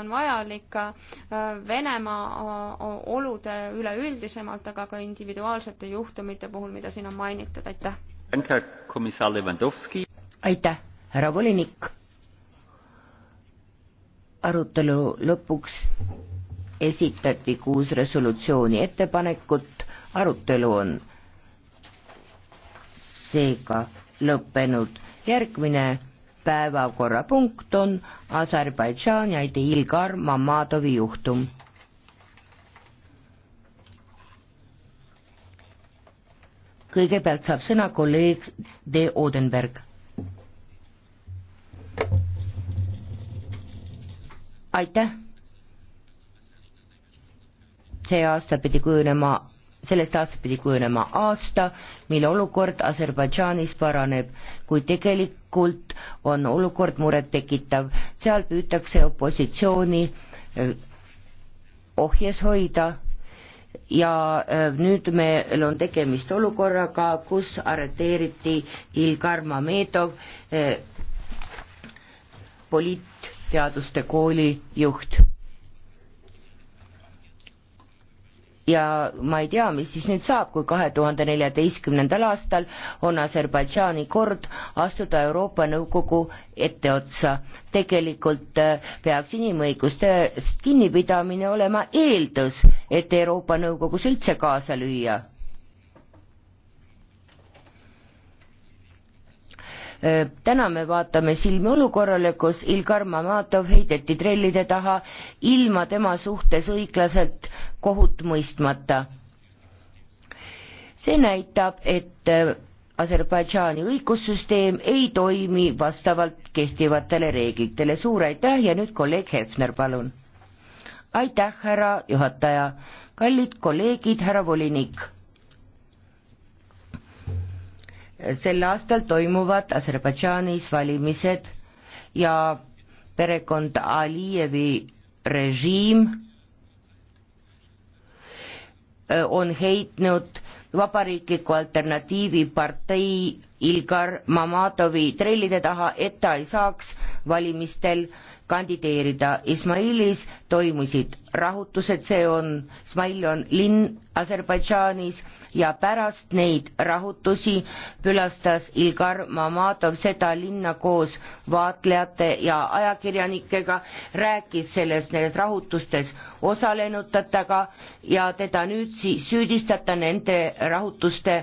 on vajalik äh, Venemaa äh, olude üleüldisemalt, aga ka individuaalsete juhtumite puhul, mida siin on mainitud, aitäh. aitäh, härra volinik. arutelu lõpuks esitati kuus resolutsiooni ettepanekut, arutelu on seega lõppenud. järgmine päevakorrapunkt on Aserbaidžaan ja Ilgar Mamadovi juhtum. kõigepealt saab sõna kolleeg De Odenberg. aitäh. see aasta pidi kujunema sellest aastast pidi kujunema aasta, mille olukord Aserbaidžaanis paraneb, kuid tegelikult on olukord murettekitav. seal püütakse opositsiooni eh, ohjes hoida ja eh, nüüd meil on tegemist olukorraga, kus arreteeriti Ilgar Mamedov, eh, poliitteaduste kooli juht ja ma ei tea, mis siis nüüd saab, kui kahe tuhande neljateistkümnendal aastal on Aserbaidžaani kord astuda Euroopa Nõukogu etteotsa. tegelikult äh, peaks inimõigustest kinnipidamine olema eeldus, et Euroopa Nõukogus üldse kaasa lüüa Äh, täna me vaatame silmi olukorrale, kus Ilgar Mamatov heideti trellide taha ilma tema suhtes õiglaselt kohut mõistmata. see näitab, et äh, Aserbaidžaani õigussüsteem ei toimi vastavalt kehtivatele reeglitele. suur aitäh ja nüüd kolleeg Hefner, palun. aitäh, härra juhataja. kallid kolleegid, härra volinik sel aastal toimuvad Aserbaidžaanis valimised ja perekond Alijevi režiim äh, on heitnud vabariikliku alternatiivi partei Ilgar Mamadovi trellide taha, et ta ei saaks valimistel kandideerida. Ismailis toimusid rahutused, see on, Ismail on linn Aserbaidžaanis ja pärast neid rahutusi külastas Ilgar Mamadov seda linna koos vaatlejate ja ajakirjanikega, rääkis sellest, nendes rahutustes osalenutega ja teda nüüd siis süüdistata nende rahutuste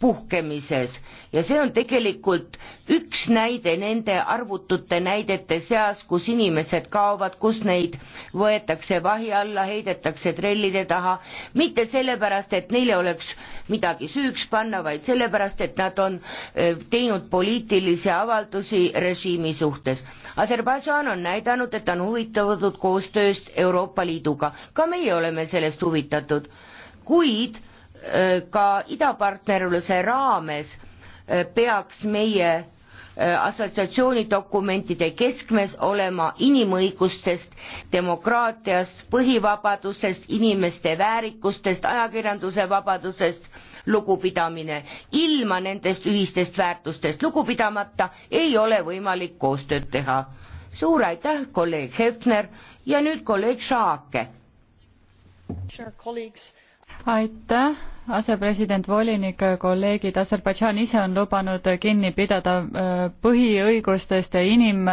puhkemises ja see on tegelikult üks näide nende arvutute näidete seas, kus inimesed kaovad, kus neid võetakse vahi alla, heidetakse trellide taha, mitte sellepärast, et neile oleks midagi süüks panna, vaid sellepärast, et nad on eh, teinud poliitilisi avaldusi režiimi suhtes. Aserbaidžaan on näidanud, et on huvitatud koostööst Euroopa Liiduga, ka meie oleme sellest huvitatud, kuid Äh, ka idapartnerluse raames äh, peaks meie äh, assotsiatsioonidokumentide keskmes olema inimõigustest, demokraatiast, põhivabadusest, inimeste väärikustest, ajakirjanduse vabadusest lugupidamine. ilma nendest ühistest väärtustest lugu pidamata ei ole võimalik koostööd teha. suur aitäh, kolleeg Hefner ja nüüd kolleeg Šaake aitäh, asepresident, volinik, kolleegid, Aserbaidžaan ise on lubanud kinni pidada äh, põhiõigustest ja inim-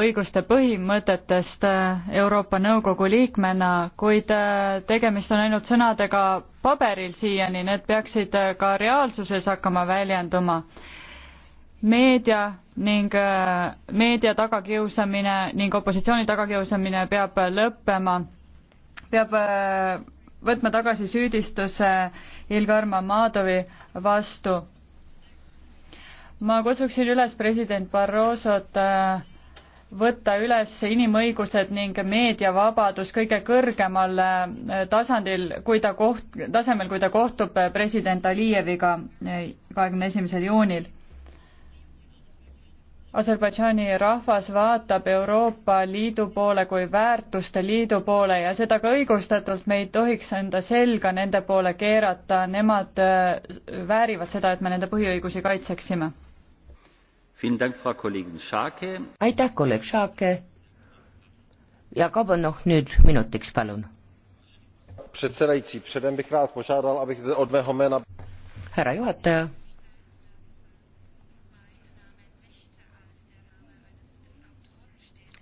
õiguste põhimõtetest äh, Euroopa Nõukogu liikmena, kuid äh, tegemist on ainult sõnadega paberil siiani, need peaksid ka reaalsuses hakkama väljenduma. meedia ning meedia tagakiusamine ning opositsiooni tagakiusamine peab lõppema, peab võtma tagasi süüdistuse Ilgar Mamadovi vastu. ma kutsuksin üles president Barrosot äh, võtta üles inimõigused ning meediavabadus kõige kõrgemal äh, tasandil, kui ta koht-, tasemel, kui ta kohtub äh, president Alijeviga kahekümne esimesel juunil Aserbaidžaani rahvas vaatab Euroopa Liidu poole kui väärtuste liidu poole ja seda ka õigustatult, me ei tohiks enda selga nende poole keerata, nemad äh, väärivad seda, et me nende põhiõigusi kaitseksime. aitäh, kolleeg Šake. ja Kabanov nüüd minutiks, palun. härra juhataja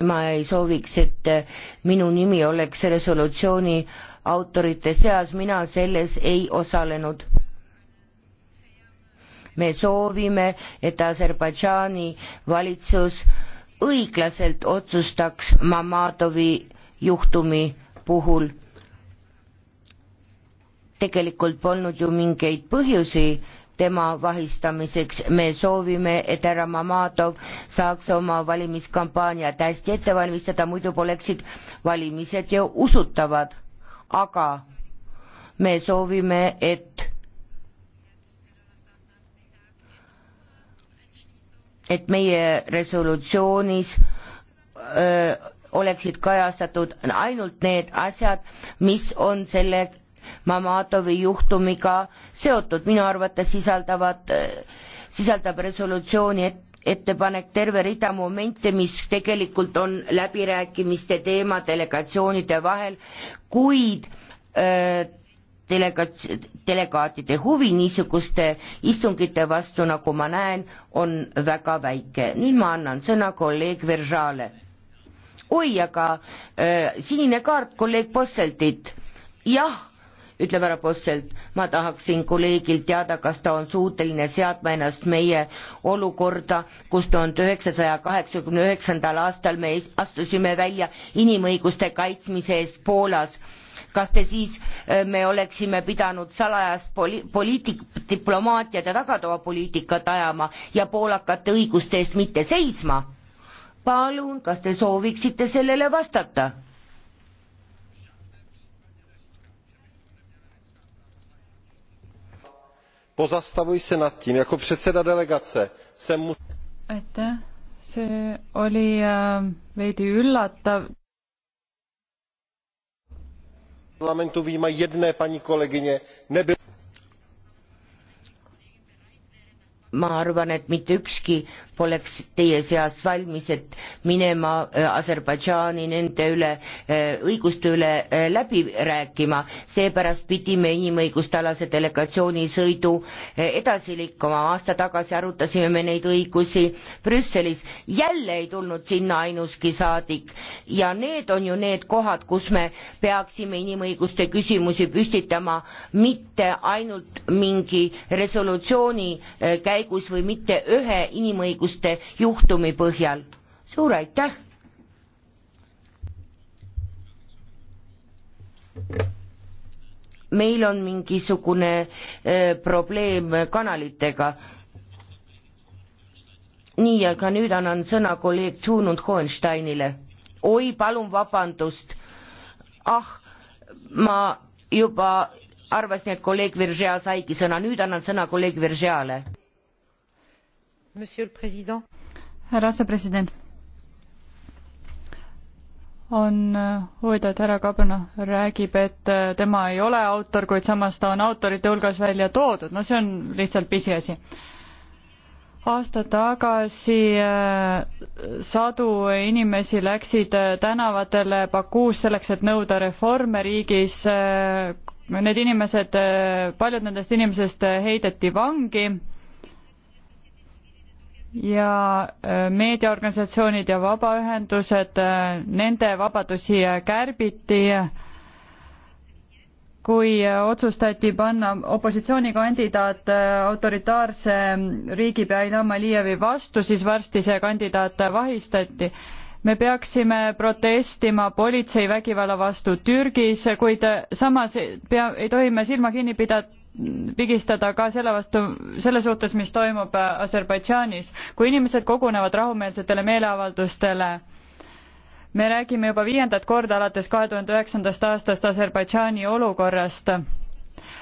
ma ei sooviks, et eh, minu nimi oleks resolutsiooni autorite seas, mina selles ei osalenud. me soovime, et Aserbaidžaani valitsus õiglaselt otsustaks Mamadovi juhtumi puhul. tegelikult polnud ju mingeid põhjusi tema vahistamiseks. me soovime, et härra Mamadov saaks oma valimiskampaaniat hästi ette valmistada, muidu poleksid valimised ju usutavad. aga me soovime, et et meie resolutsioonis öö, oleksid kajastatud ainult need asjad, mis on selle Mamatovi juhtumiga seotud, minu arvates sisaldavad, sisaldab resolutsiooni et, ettepanek terve rida momente, mis tegelikult on läbirääkimiste teema delegatsioonide vahel, kuid öö, delegats-, delegaatide huvi niisuguste istungite vastu, nagu ma näen, on väga väike. nüüd ma annan sõna kolleeg Veržale. oi, aga äh, sinine kaart kolleeg Posseltit. jah ütleb härra Posselt, ma tahaksin kolleegilt teada, kas ta on suuteline seadma ennast meie olukorda, kus tuhande üheksasaja kaheksakümne üheksandal aastal me astusime välja inimõiguste kaitsmise eest Poolas kas te siis äh, me oleksime pidanud salajast poli- poliitik- diplomaatiat ja tagatoapoliitikat ajama ja poolakate õiguste eest mitte seisma palun kas te sooviksite sellele vastata pozastavuji se nad tím jako předseda delegace jsem mu... aitäh see oli äh, veidi üllatav parlamentu vyjma jedné paní kolegyně nebyl ma arvan, et mitte ükski poleks teie seast valmis, et minema äh, Aserbaidžaani nende üle, äh, õiguste üle äh, läbi rääkima, seepärast pidime inimõiguste alase delegatsiooni sõidu edasi liikuma, aasta tagasi arutasime me neid õigusi Brüsselis, jälle ei tulnud sinna ainuski saadik ja need on ju need kohad, kus me peaksime inimõiguste küsimusi püstitama, mitte ainult mingi resolutsiooni käi-, käigus või mitte ühe inimõiguste juhtumi põhjal. suur aitäh! meil on mingisugune öö, äh, probleem kanalitega. nii, aga nüüd annan sõna kolleeg Tunund Hohensteinile. oi, palun vabandust. ah, ma juba arvasin, et kolleeg Virgea saigi sõna, nüüd annan sõna kolleeg Virgeale härra asepresident on äh, huvitav, et härra Kabrna räägib, et äh, tema ei ole autor, kuid samas ta on autorite hulgas välja toodud, no see on lihtsalt pisiasi. aasta tagasi äh, sadu inimesi läksid tänavatele Bakuus selleks, et nõuda reforme riigis. Need inimesed, paljud nendest inimesest heideti vangi ja äh, meediaorganisatsioonid ja vabaühendused, äh, nende vabadusi äh, kärbiti, kui otsustati panna opositsioonikandidaat autoritaarse riigipea Ilham Alijevi vastu, siis varsti see kandidaat vahistati. me peaksime protestima politseivägivalla vastu Türgis, kuid samas pea, ei tohi me silma kinni pidada pigistada ka selle vastu, selle suhtes, mis toimub äh, Aserbaidžaanis. kui inimesed kogunevad rahumeelsetele meeleavaldustele, me räägime juba viiendat korda alates kahe tuhande üheksandast aastast Aserbaidžaani olukorrast.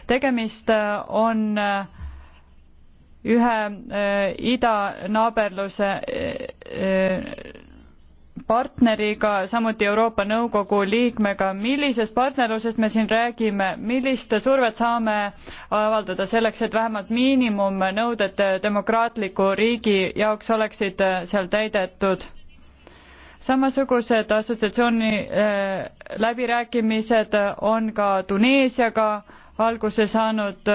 tegemist äh, on äh, ühe idanaaberluse partneriga, samuti Euroopa Nõukogu liikmega, millisest partnerlusest me siin räägime, millist survet saame avaldada selleks, et vähemalt miinimumnõuded demokraatliku riigi jaoks oleksid seal täidetud? samasugused assotsiatsiooni eh, läbirääkimised on ka Tuneesiaga alguse saanud,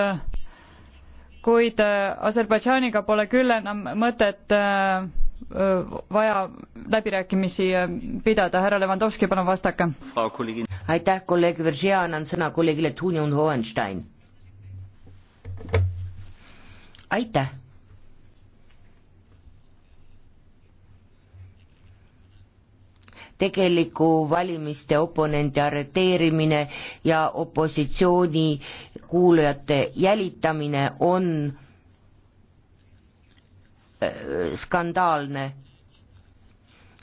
kuid eh, Aserbaidžaaniga pole küll enam mõtet äh, vaja läbirääkimisi äh, pidada, härra Levandovski, palun vastake. aitäh, kolleeg Veržea, annan sõna kolleegile Tunjun Hohenstein. aitäh. tegeliku valimiste oponendi arreteerimine ja opositsiooni kuulujate jälitamine on Äh, skandaalne.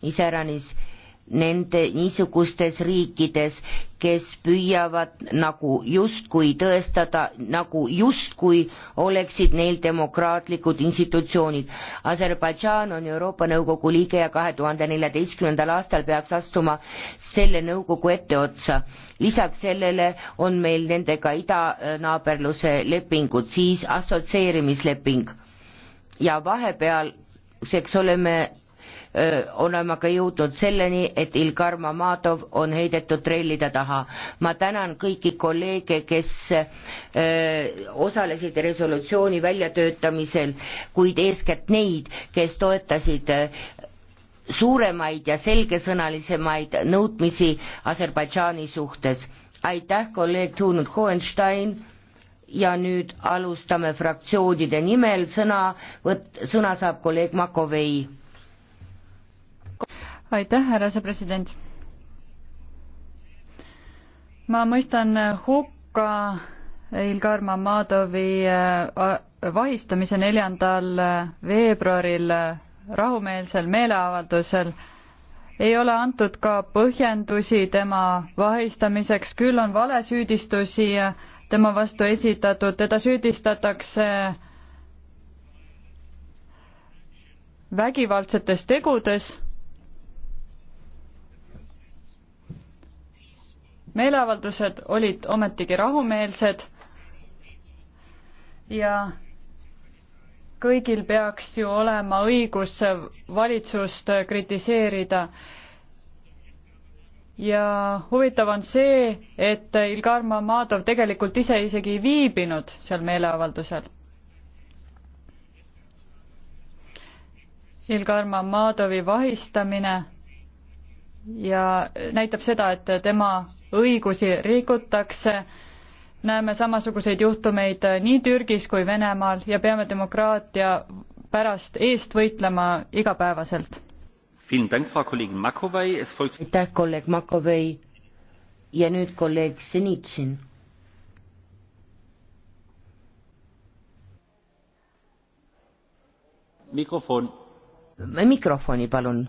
iseäranis nende niisugustes riikides, kes püüavad nagu justkui tõestada, nagu justkui oleksid neil demokraatlikud institutsioonid. Aserbaidžaan on Euroopa Nõukogu liige ja kahe tuhande neljateistkümnendal aastal peaks astuma selle nõukogu etteotsa. lisaks sellele on meil nendega idanaaberluse lepingud, siis assotsieerimisleping ja vahepealseks oleme oleme ka jõudnud selleni, et Ilgar Mamadov on heidetud trellide taha. ma tänan kõiki kolleege, kes osalesid resolutsiooni väljatöötamisel, kuid eeskätt neid, kes toetasid suuremaid ja selgesõnalisemaid nõudmisi Aserbaidžaani suhtes. aitäh, kolleeg Tuunud Hohenstein ja nüüd alustame fraktsioonide nimel, sõna, võt-, sõna saab kolleeg Makovei. aitäh, härra asepresident. ma mõistan hukka Ilgar Mamadovi äh, vahistamise neljandal äh, veebruaril äh, rahumeelsel meeleavaldusel ei ole antud ka põhjendusi tema vahistamiseks, küll on valesüüdistusi tema vastu esitatud, teda süüdistatakse vägivaldsetes tegudes. meeleavaldused olid ometigi rahumeelsed ja kõigil peaks ju olema õigus valitsust kritiseerida ja huvitav on see, et Ilgar Mamadov tegelikult ise isegi ei viibinud seal meeleavaldusel. Ilgar Mamadovi vahistamine ja näitab seda, et tema õigusi rikutakse. näeme samasuguseid juhtumeid nii Türgis kui Venemaal ja peame demokraatia pärast eest võitlema igapäevaselt aitäh, kolleeg Makovei ja nüüd kolleeg Senitsin. mikrofon. mikrofoni palun.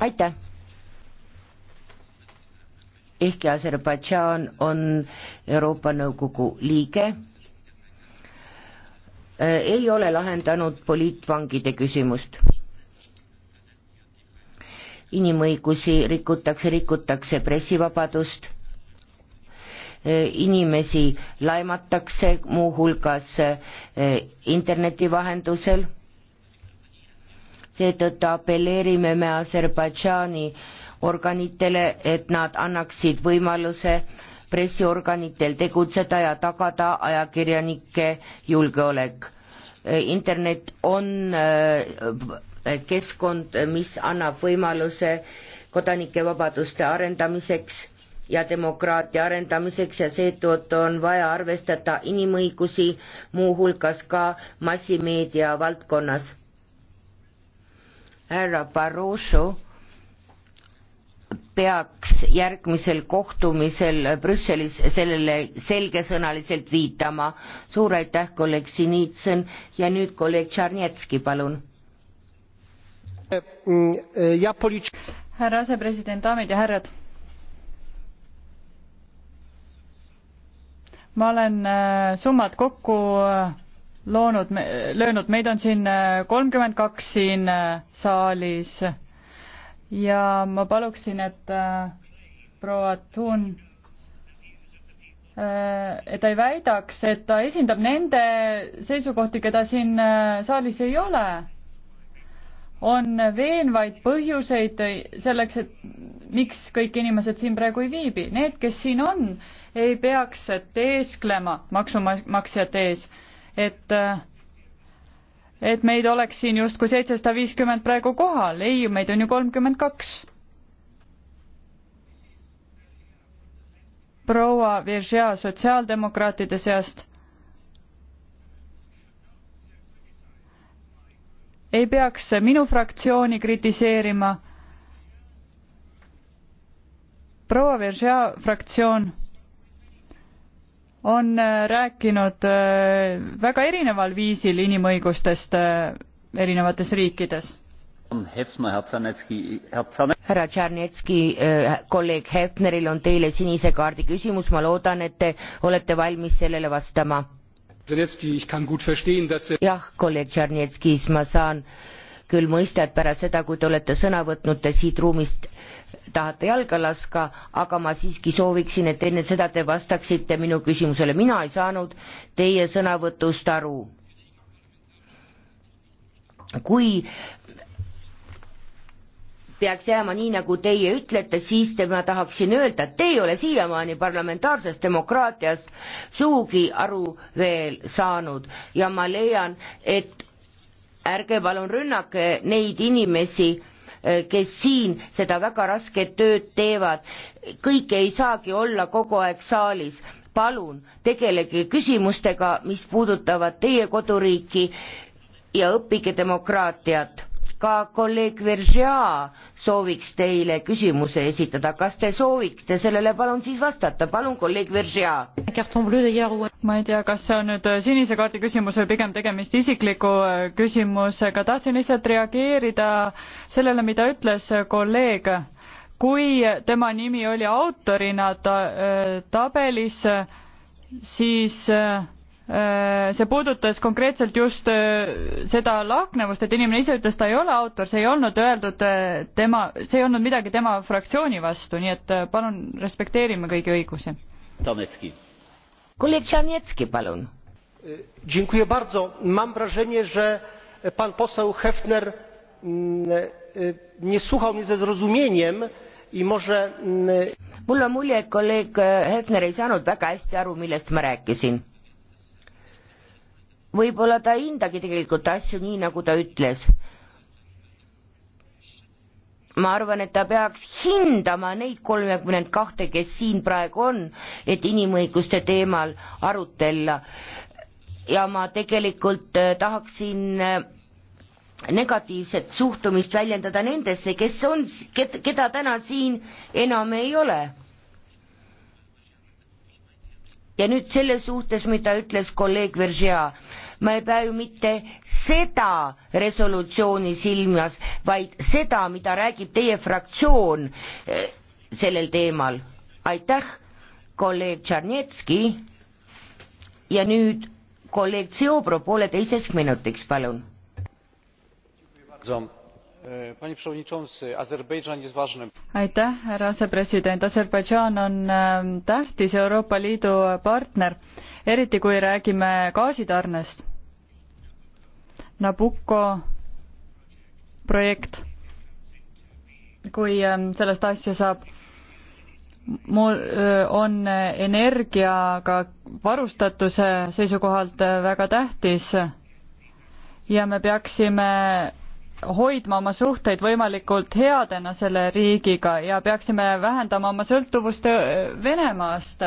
aitäh ehkki Aserbaidžaan on Euroopa Nõukogu liige, Äh, ei ole lahendanud poliitvangide küsimust. inimõigusi rikutakse, rikutakse pressivabadust, äh, inimesi laimatakse muuhulgas äh, interneti vahendusel, seetõttu apelleerime me Aserbaidžaani organitele, et nad annaksid võimaluse pressiorganitel tegutseda ja tagada ajakirjanike julgeolek. internet on äh, keskkond, mis annab võimaluse kodanike vabaduste arendamiseks ja demokraatia arendamiseks ja seetõttu on vaja arvestada inimõigusi, muuhulgas ka massimeedia valdkonnas. härra Barroso peaks järgmisel kohtumisel Brüsselis sellele selgesõnaliselt viitama. suur aitäh, kolleeg Sinitsõn ja nüüd kolleeg Tšarnetski, palun. härra asepresident, daamid ja härrad. ma olen äh, summad kokku äh, loonud, löönud, meid on siin äh, kolmkümmend kaks siin saalis ja ma paluksin, et äh, proua Thun äh, et ta ei väidaks, et ta esindab nende seisukohti, keda siin äh, saalis ei ole. on veenvaid põhjuseid selleks, et miks kõik inimesed siin praegu ei viibi. Need, kes siin on, ei peaks teesklema maksumaksjate ees, et äh, et meid oleks siin justkui seitsesada viiskümmend praegu kohal, ei, meid on ju kolmkümmend kaks. proua Virgia sotsiaaldemokraatide seast ei peaks minu fraktsiooni kritiseerima. proua Virgia fraktsioon on äh, rääkinud äh, väga erineval viisil inimõigustest äh, erinevates riikides. härra Tšarnetski, kolleeg Hefneril on teile sinise kaardi küsimus, ma loodan, et te olete valmis sellele vastama. jah, kolleeg Tšarnetskis, ma saan äh, küll mõistet pärast seda, kui te olete sõna võtnud, te siit ruumist tahate jalga laska, aga ma siiski sooviksin, et enne seda te vastaksite minu küsimusele, mina ei saanud teie sõnavõtust aru. kui peaks jääma nii, nagu teie ütlete, siis te, ma tahaksin öelda, et te ei ole siiamaani parlamentaarsest demokraatiast sugugi aru veel saanud ja ma leian, et ärge palun rünnake neid inimesi, eh, kes siin seda väga rasket tööd teevad, kõik ei saagi olla kogu aeg saalis. palun tegelege küsimustega, mis puudutavad teie koduriiki ja õppige demokraatiat ka kolleeg Veržea sooviks teile küsimuse esitada, kas te soovite sellele palun siis vastata, palun kolleeg Veržea. ma ei tea, kas see on nüüd sinise kaardi küsimus või pigem tegemist isikliku äh, küsimusega, tahtsin lihtsalt reageerida sellele, mida ütles kolleeg kui tema nimi oli autorina ta, äh, tabelis, siis äh, Äh, see puudutas konkreetselt just äh, seda lahknevust, et inimene ise ütles, ta ei ole autor, see ei olnud öeldud äh, tema, see ei olnud midagi tema fraktsiooni vastu, nii et palun respekteerime kõigi õigusi. kolleeg Tšanetski, palun. E, dziękuję bardzo. Mam wrażenie, że pan poseł Hefner mm, e, nie słuchał mnie ze zrozumieniem i może. Mm, e, mul on mulje, et kolleeg Hefner ei saanud väga hästi aru, millest ma rääkisin võib-olla ta ei hindagi tegelikult asju nii, nagu ta ütles. ma arvan, et ta peaks hindama neid kolmekümmend kahte, kes siin praegu on, et inimõiguste teemal arutella. ja ma tegelikult äh, tahaksin äh, negatiivset suhtumist väljendada nendesse, kes on, keda täna siin enam ei ole ja nüüd selles suhtes, mida ütles kolleeg Veržea, ma ei pea ju mitte seda resolutsiooni silmas, vaid seda, mida räägib teie fraktsioon eh, sellel teemal. aitäh, kolleeg Tšarnetski. ja nüüd kolleeg Seobro pooleteiseks minutiks, palun aitäh, härra asepresident, Aserbaidžaan on ähm, tähtis Euroopa Liidu partner, eriti kui räägime gaasitarnest. Nabucco projekt, kui ähm, sellest asja saab, mul äh, on energiaga varustatuse seisukohalt äh, väga tähtis ja me peaksime hoidma oma suhteid võimalikult headena selle riigiga ja peaksime vähendama oma sõltuvust äh, Venemaast.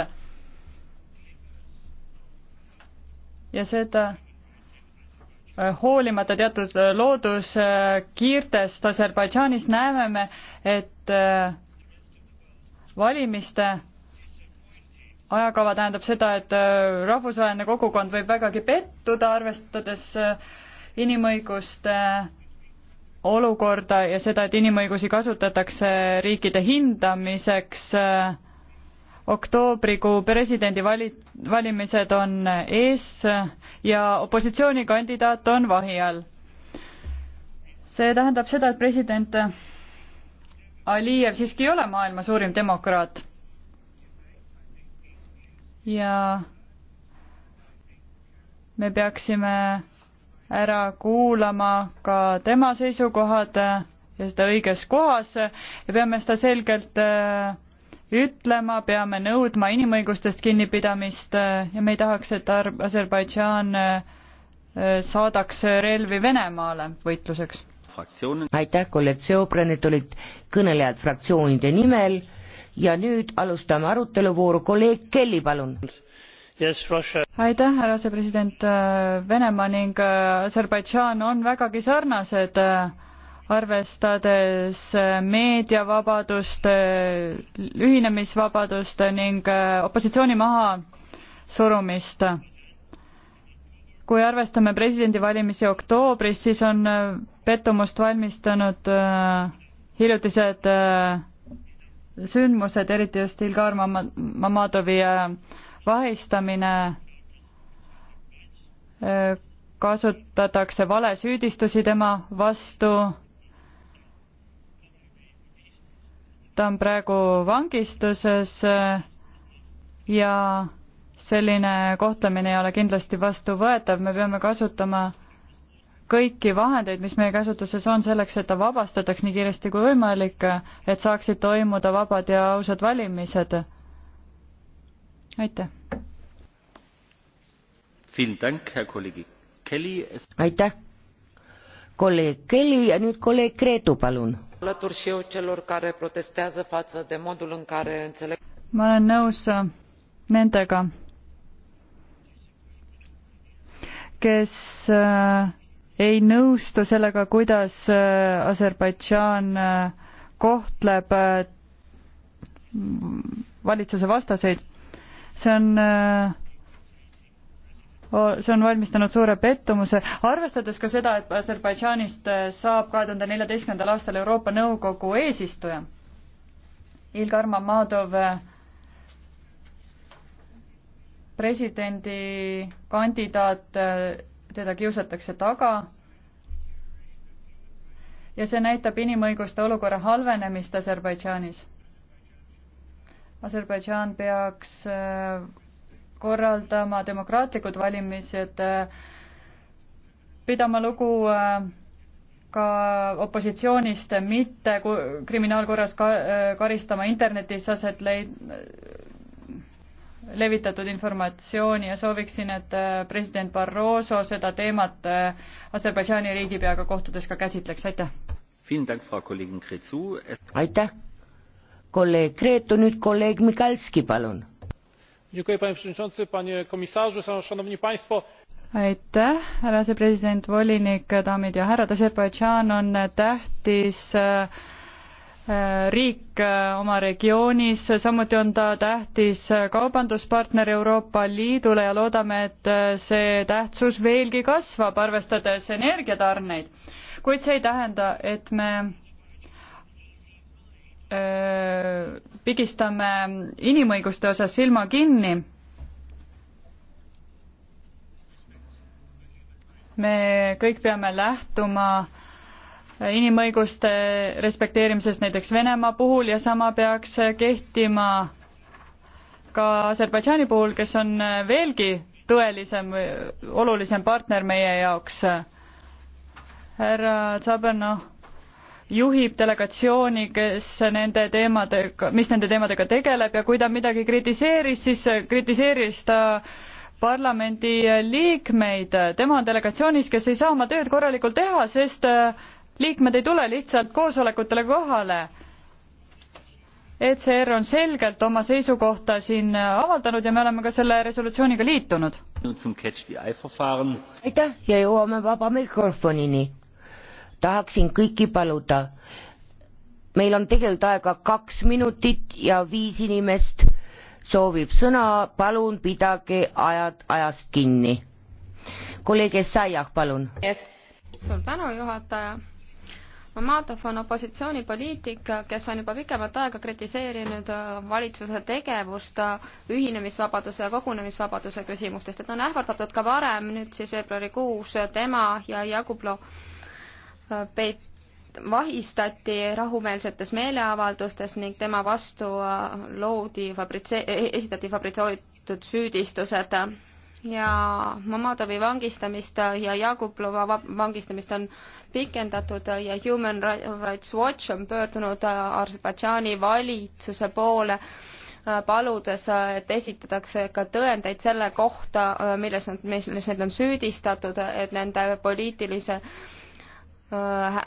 ja seda äh, hoolimata teatud äh, looduskiirtest Aserbaidžaanis näeme me, et valimiste ajakava tähendab seda, et rahvusvaheline kogukond võib vägagi pettuda, arvestades inimõiguste äh, olukorda ja seda, et inimõigusi kasutatakse riikide hindamiseks. oktoobrikuu presidendi vali-, valimised on ees ja opositsioonikandidaat on vahi all. see tähendab seda, et president Aliyev siiski ei ole maailma suurim demokraat. ja me peaksime ära kuulama ka tema seisukohad ja seda õiges kohas ja peame seda selgelt äh, ütlema, peame nõudma inimõigustest kinnipidamist äh, ja me ei tahaks, et Aserbaidžaan äh, saadaks relvi Venemaale võitluseks. aitäh, kolleeg Seobra, need olid kõnelejad fraktsioonide nimel ja nüüd alustame aruteluvooru, kolleeg Kelly, palun aitäh, härra asepresident, Venemaa ning äh, Aserbaidžaan on vägagi sarnased, äh, arvestades äh, meediavabadust, ühinemisvabadust ning opositsiooni mahasurumist. kui arvestame presidendivalimisi oktoobris, siis on pettumust valmistanud hiljutised sündmused, eriti just Ilgar Mamadovi vahistamine, äh, kasutatakse valesüüdistusi tema vastu, ta on praegu vangistuses äh, ja selline kohtlemine ei ole kindlasti vastuvõetav, me peame kasutama kõiki vahendeid, mis meie käsutuses on selleks, et ta vabastataks nii kiiresti kui võimalik, et saaksid toimuda vabad ja ausad valimised aitäh. aitäh, kolleeg Kelly ja nüüd kolleeg Gretu, palun. ma olen nõus äh, nendega, kes äh, ei nõustu sellega, kuidas äh, Aserbaidžaan kohtleb valitsuse vastaseid see on äh, see on valmistanud suure pettumuse, arvestades ka seda, et Aserbaidžaanist äh, saab kahe tuhande neljateistkümnendal aastal Euroopa Nõukogu eesistuja. Ilgar Mamadov äh, presidendikandidaat, teda kiusatakse taga ja see näitab inimõiguste olukorra halvenemist Aserbaidžaanis Aserbaidžaan peaks äh, korraldama demokraatlikud valimised, äh, pidama lugu äh, ka opositsioonist, mitte kriminaalkorras ka, karistama internetis aset leid-, levitatud informatsiooni ja sooviksin, et president Barroso seda teemat Aserbaidžaani riigipeaga kohtudes ka käsitleks, aitäh! aitäh! kolleeg Gretu, nüüd kolleeg Mikalski, palun. aitäh, härra asepresident, volinik, daamid ja härrad, Aserbaidžaan on tähtis äh, riik äh, oma regioonis, samuti on ta tähtis kaubanduspartner Euroopa Liidule ja loodame, et äh, see tähtsus veelgi kasvab, arvestades energiatarneid. kuid see ei tähenda, et me pigistame inimõiguste osas silma kinni. me kõik peame lähtuma inimõiguste respekteerimisest näiteks Venemaa puhul ja sama peaks kehtima ka Aserbaidžaani puhul, kes on veelgi tõelisem, olulisem partner meie jaoks. härra Tsabernov juhib delegatsiooni, kes nende teemadega, mis nende teemadega tegeleb ja kui ta midagi kritiseeris, siis kritiseeris ta parlamendi liikmeid, tema on delegatsioonis, kes ei saa oma tööd korralikult teha, sest äh, liikmed ei tule lihtsalt koosolekutele kohale. ECR on selgelt oma seisukohta siin äh, avaldanud ja me oleme ka selle resolutsiooniga liitunud. aitäh ja jõuame vaba mikrofonini tahaksin kõiki paluda meil on tegelikult aega kaks minutit ja viis inimest soovib sõna palun pidage ajad ajast kinni kolleeg Essayah palun yes. suur tänu juhataja Mamadov on opositsioonipoliitik, kes on juba pikemat aega kritiseerinud valitsuse tegevust ühinemisvabaduse ja kogunemisvabaduse küsimustes. teda on ähvardatud ka varem, nüüd siis veebruarikuus tema ja Jakublo peit-, vahistati rahumeelsetes meeleavaldustes ning tema vastu loodi fabritse-, esitati fabritseeritud süüdistused ja Mamadovi vangistamist ja Jagublova vangistamist on pikendatud ja Human Rights Watch on pöördunud Aserbaidžaani valitsuse poole paludes, et esitatakse ka tõendeid selle kohta, milles nad, milles neid on süüdistatud, et nende poliitilise äh, Äh,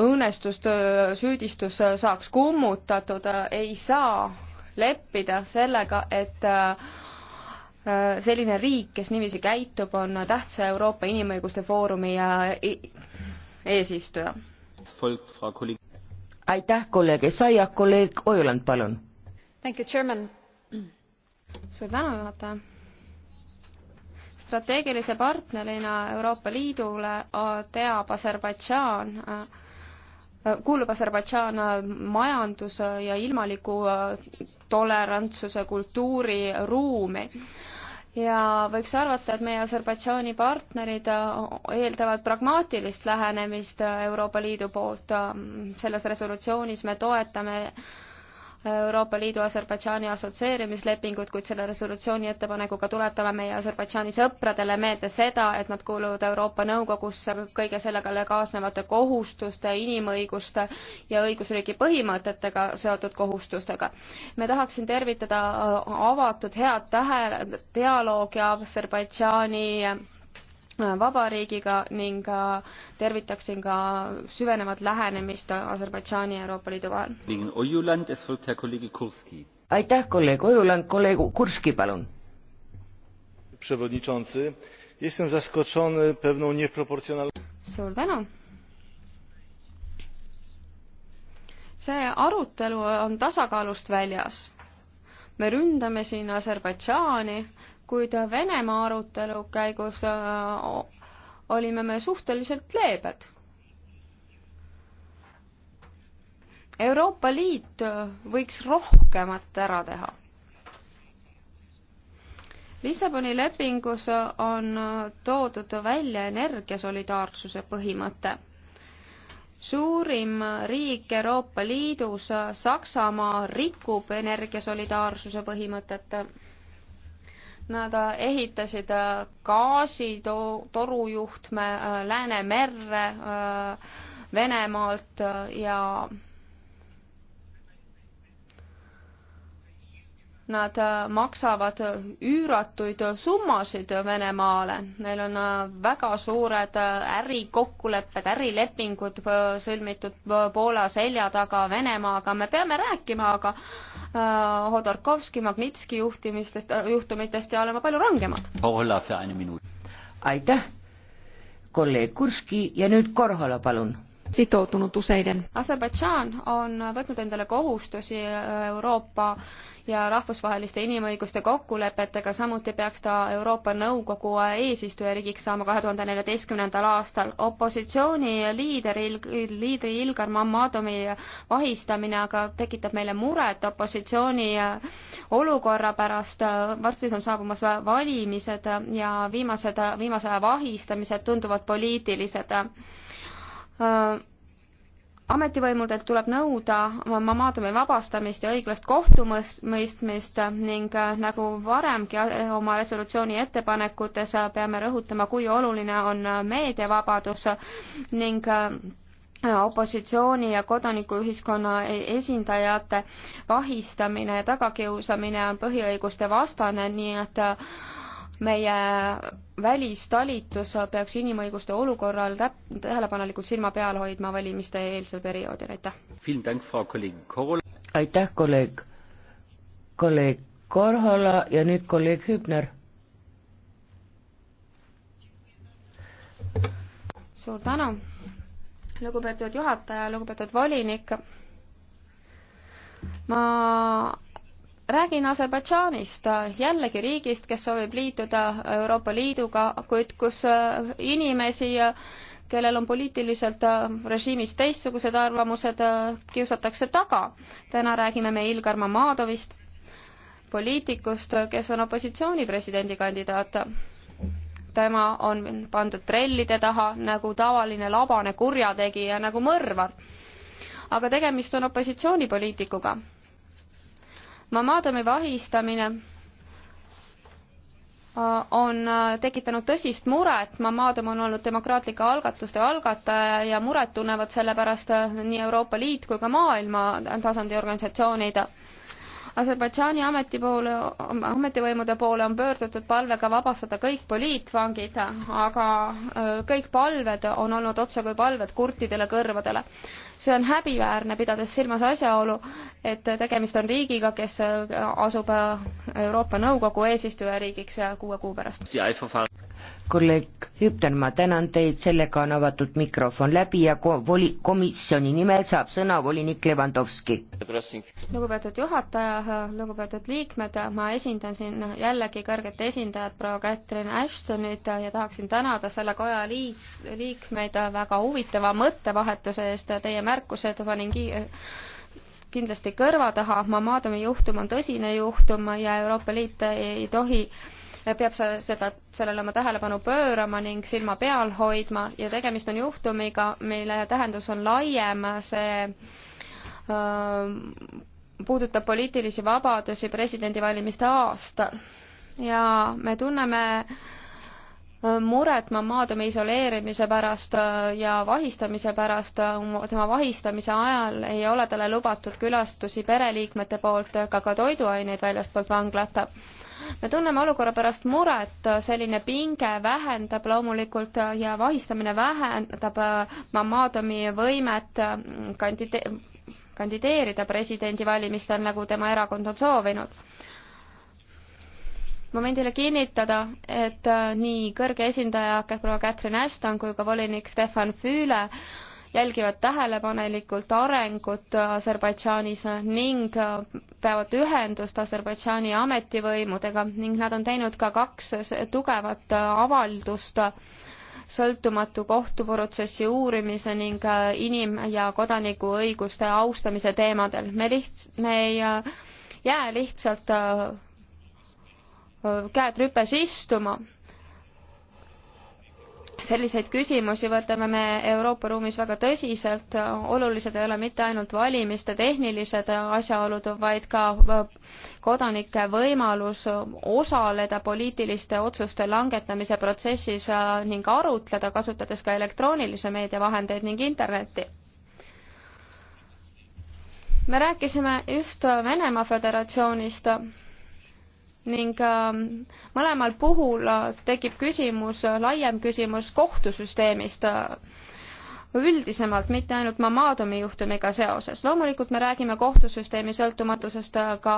õõnestus, äh, süüdistus äh, saaks kummutatud, ei saa leppida sellega, et selline riik, kes niiviisi käitub, on tähtsa Euroopa Inimõiguste Foorumi e-, eesistuja. aitäh, kolleeg Essayah, kolleeg Ojuland, palun. suur tänu, juhataja strateegilise partnerina Euroopa Liidule äh, teab Aserbaidžaan, äh, kuulub Aserbaidžaan äh, majanduse ja ilmaliku tolerantsuse kultuuriruumi ja võiks arvata, et meie Aserbaidžaani partnerid eeldavad pragmaatilist lähenemist Euroopa Liidu poolt. selles resolutsioonis me toetame Euroopa Liidu Aserbaidžaani assotsieerimislepingut, kuid selle resolutsiooni ettepanekuga tuletame meie Aserbaidžaani sõpradele meelde seda, et nad kuuluvad Euroopa Nõukogusse kõige sellega kaasnevate kohustuste, inimõiguste ja õigusriigi põhimõtetega seotud kohustustega. me tahaksin tervitada avatud head tähe, dialoogi Aserbaidžaani vabariigiga ning tervitaksin ka süvenevat lähenemist Aserbaidžaani ja Euroopa Liidu vahel. aitäh, kolleeg Ojuland, kolleeg Kurski, palun. suur tänu. see arutelu on tasakaalust väljas. me ründame siin Aserbaidžaani, kuid Venemaa arutelu käigus äh, olime me suhteliselt leebed. Euroopa Liit võiks rohkemat ära teha. Lissaboni lepingus on toodud välja energiasolidaarsuse põhimõte suurim riik Euroopa Liidus, Saksamaa, rikub energiasolidaarsuse põhimõtet Nad äh, ehitasid äh, gaasitorujuhtme äh, Läänemerre Venemaalt ja Nad äh, maksavad äh, üüratuid äh, summasid Venemaale, neil on väga suured ärikokkulepped, ärilepingud sõlmitud Poola selja taga Venemaaga, me peame rääkima aga Hodorkovski, Magnitski juhtimistest, juhtumitest ja olema palju rangemad. aitäh, kolleeg Kurski ja nüüd Korhola, palun sitoutunut useiden. Aserbaidžaan on võtnud endale kohustusi Euroopa ja rahvusvaheliste inimõiguste kokkulepetega, samuti peaks ta Euroopa Nõukogu eesistujariigiks saama kahe tuhande neljateistkümnendal aastal. opositsiooni liider, liidri Ilgar Mammadovi vahistamine aga tekitab meile muret opositsiooni olukorra pärast, varsti on saabumas valimised ja viimased, viimase aja vahistamised tunduvad poliitilised ametivõimudelt tuleb nõuda Mamadumi vabastamist ja õiglast kohtumõistmist ning äh, nagu varemgi äh, oma resolutsiooni ettepanekutes äh, peame rõhutama, kui oluline on meediavabadus ning opositsiooni ja kodanikuühiskonna e-, esindajate vahistamine ja tagakiusamine on põhiõiguste vastane, nii et meie välistalitus peaks inimõiguste olukorral täp-, tähelepanelikult silma peal hoidma valimiste eelsel perioodil, aitäh. aitäh, kolleeg, kolleeg Korhola ja nüüd kolleeg Hübner. suur tänu, lugupeetud juhataja, lugupeetud volinik. ma räägin Aserbaidžaanist, jällegi riigist, kes soovib liituda Euroopa Liiduga, kuid kus äh, inimesi, äh, kellel on poliitiliselt äh, režiimis teistsugused arvamused, kiusatakse taga. täna räägime me Ilgar Mamadovist, poliitikust, kes on opositsiooni presidendikandidaat. tema on pandud trellide taha nagu tavaline labane kurjategija, nagu mõrvar. aga tegemist on opositsioonipoliitikuga Mamadami vahistamine äh, on äh, tekitanud tõsist muret, Mamadam on olnud demokraatlike algatuste algataja ja muret tunnevad selle pärast äh, nii Euroopa Liit kui ka maailma tasandi organisatsioonid Aserbaidžaani ameti poole, ametivõimude poole on pöördutud palvega vabastada kõik poliitvangid, aga kõik palved on olnud otsekui palved kurtidele kõrvadele. see on häbiväärne, pidades silmas asjaolu, et tegemist on riigiga, kes asub Euroopa Nõukogu eesistujariigiks kuue kuu pärast kolleeg Hüpten, ma tänan teid, sellega on avatud mikrofon läbi ja ko-, voli-, komisjoni nimel saab sõna volinik Levandovski. lugupeetud juhataja, lugupeetud liikmed, ma esindan siin jällegi kõrget esindajat, proua Catherine Ashtonit ja tahaksin tänada selle koja liit, liikmeid väga huvitava mõttevahetuse eest, teie märkused ning kindlasti kõrva taha, Mamadumi juhtum on tõsine juhtum ja Euroopa Liit ei tohi peab seda, sellele oma tähelepanu pöörama ning silma peal hoidma ja tegemist on juhtumiga, mille tähendus on laiem, see öö, ähm, puudutab poliitilisi vabadusi presidendivalimiste aastal. ja me tunneme äh, muret Mammadumi isoleerimise pärast äh, ja vahistamise pärast. tema vahistamise ajal ei ole talle lubatud külastusi pereliikmete poolt ega ka, ka toiduaineid väljastpoolt vanglat me tunneme olukorra pärast muret, selline pinge vähendab loomulikult ja vahistamine vähendab Mamadomi võimet kandide-, kandideerida presidendivalimistel, nagu tema erakond on soovinud ma võin teile kinnitada, et nii kõrge esindaja proua Catherine Ashton kui ka volinik Stefan Füüle jälgivad tähelepanelikult arengut Aserbaidžaanis ning peavad ühendust Aserbaidžaani ametivõimudega ning nad on teinud ka kaks tugevat avaldust sõltumatu kohtuprotsessi uurimise ning inim- ja kodanikuõiguste austamise teemadel. me liht-, me ei äh, jää lihtsalt äh, käed rüpes istuma selliseid küsimusi võtame me Euroopa ruumis väga tõsiselt, olulised ei ole mitte ainult valimiste tehnilised asjaolud, vaid ka äh, kodanike võimalus osaleda poliitiliste otsuste langetamise protsessis äh, ning arutleda, kasutades ka elektroonilise meedia vahendeid ning internetti. me rääkisime just Venemaa Föderatsioonist ning ähm, mõlemal puhul äh, tekib küsimus, äh, laiem küsimus kohtusüsteemist äh, üldisemalt, mitte ainult Mamadomi juhtumiga seoses. loomulikult me räägime kohtusüsteemi sõltumatusest ka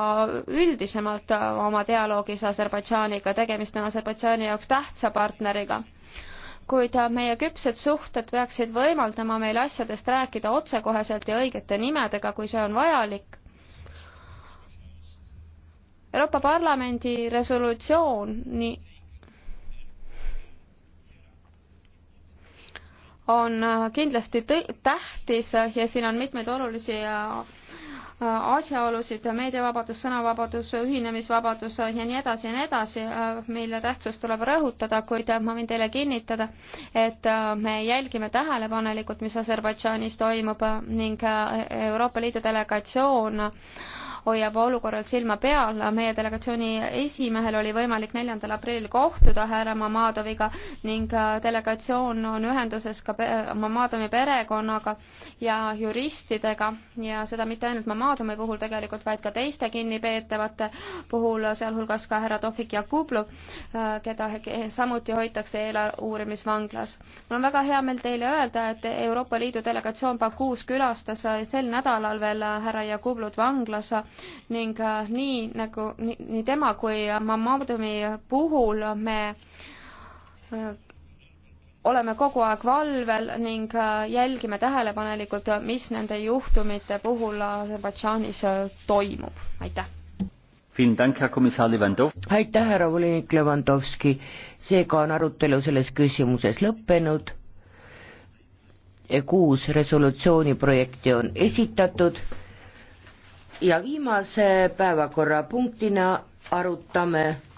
üldisemalt oma dialoogis Aserbaidžaaniga, tegemist on Aserbaidžaani jaoks tähtsa partneriga. kuid meie küpsed suhted peaksid võimaldama meil asjadest rääkida otsekoheselt ja õigete nimedega, kui see on vajalik Euroopa Parlamendi resolutsiooni on äh, kindlasti tähtis ja siin on mitmeid olulisi äh, asjaolusid, meediavabadus, sõnavabadus, ühinemisvabadus äh, ja nii edasi ja nii edasi, mille tähtsust tuleb rõhutada, kuid ma võin teile kinnitada, et me jälgime tähelepanelikult, mis Aserbaidžaanis toimub ning Euroopa Liidu delegatsioon hoiab olukorral silma peal. meie delegatsiooni esimehel oli võimalik neljandal aprillil kohtuda härra Mamadoviga ning äh, delegatsioon on ühenduses ka Mamadovi perekonnaga ja juristidega ja seda mitte ainult Mamadovi puhul tegelikult, vaid ka teiste kinnipeetavate puhul, sealhulgas ka härra Tofik Jakublu, äh, keda samuti hoitakse eeluurimisvanglas. mul on väga hea meel teile öelda, et Euroopa Liidu delegatsioon Bakuus külastas äh, sel nädalal veel härra Jakublut vanglas ning äh, nii nagu nii tema kui äh, Mamadumi puhul me äh, oleme kogu aeg valvel ning jälgime tähelepanelikult, mis nende juhtumite puhul Aserbaidžaanis toimub. aitäh! aitäh, härra volinik Levandovski, seega on arutelu selles küsimuses lõppenud. kuus resolutsiooni projekti on esitatud ja viimase päevakorrapunktina arutame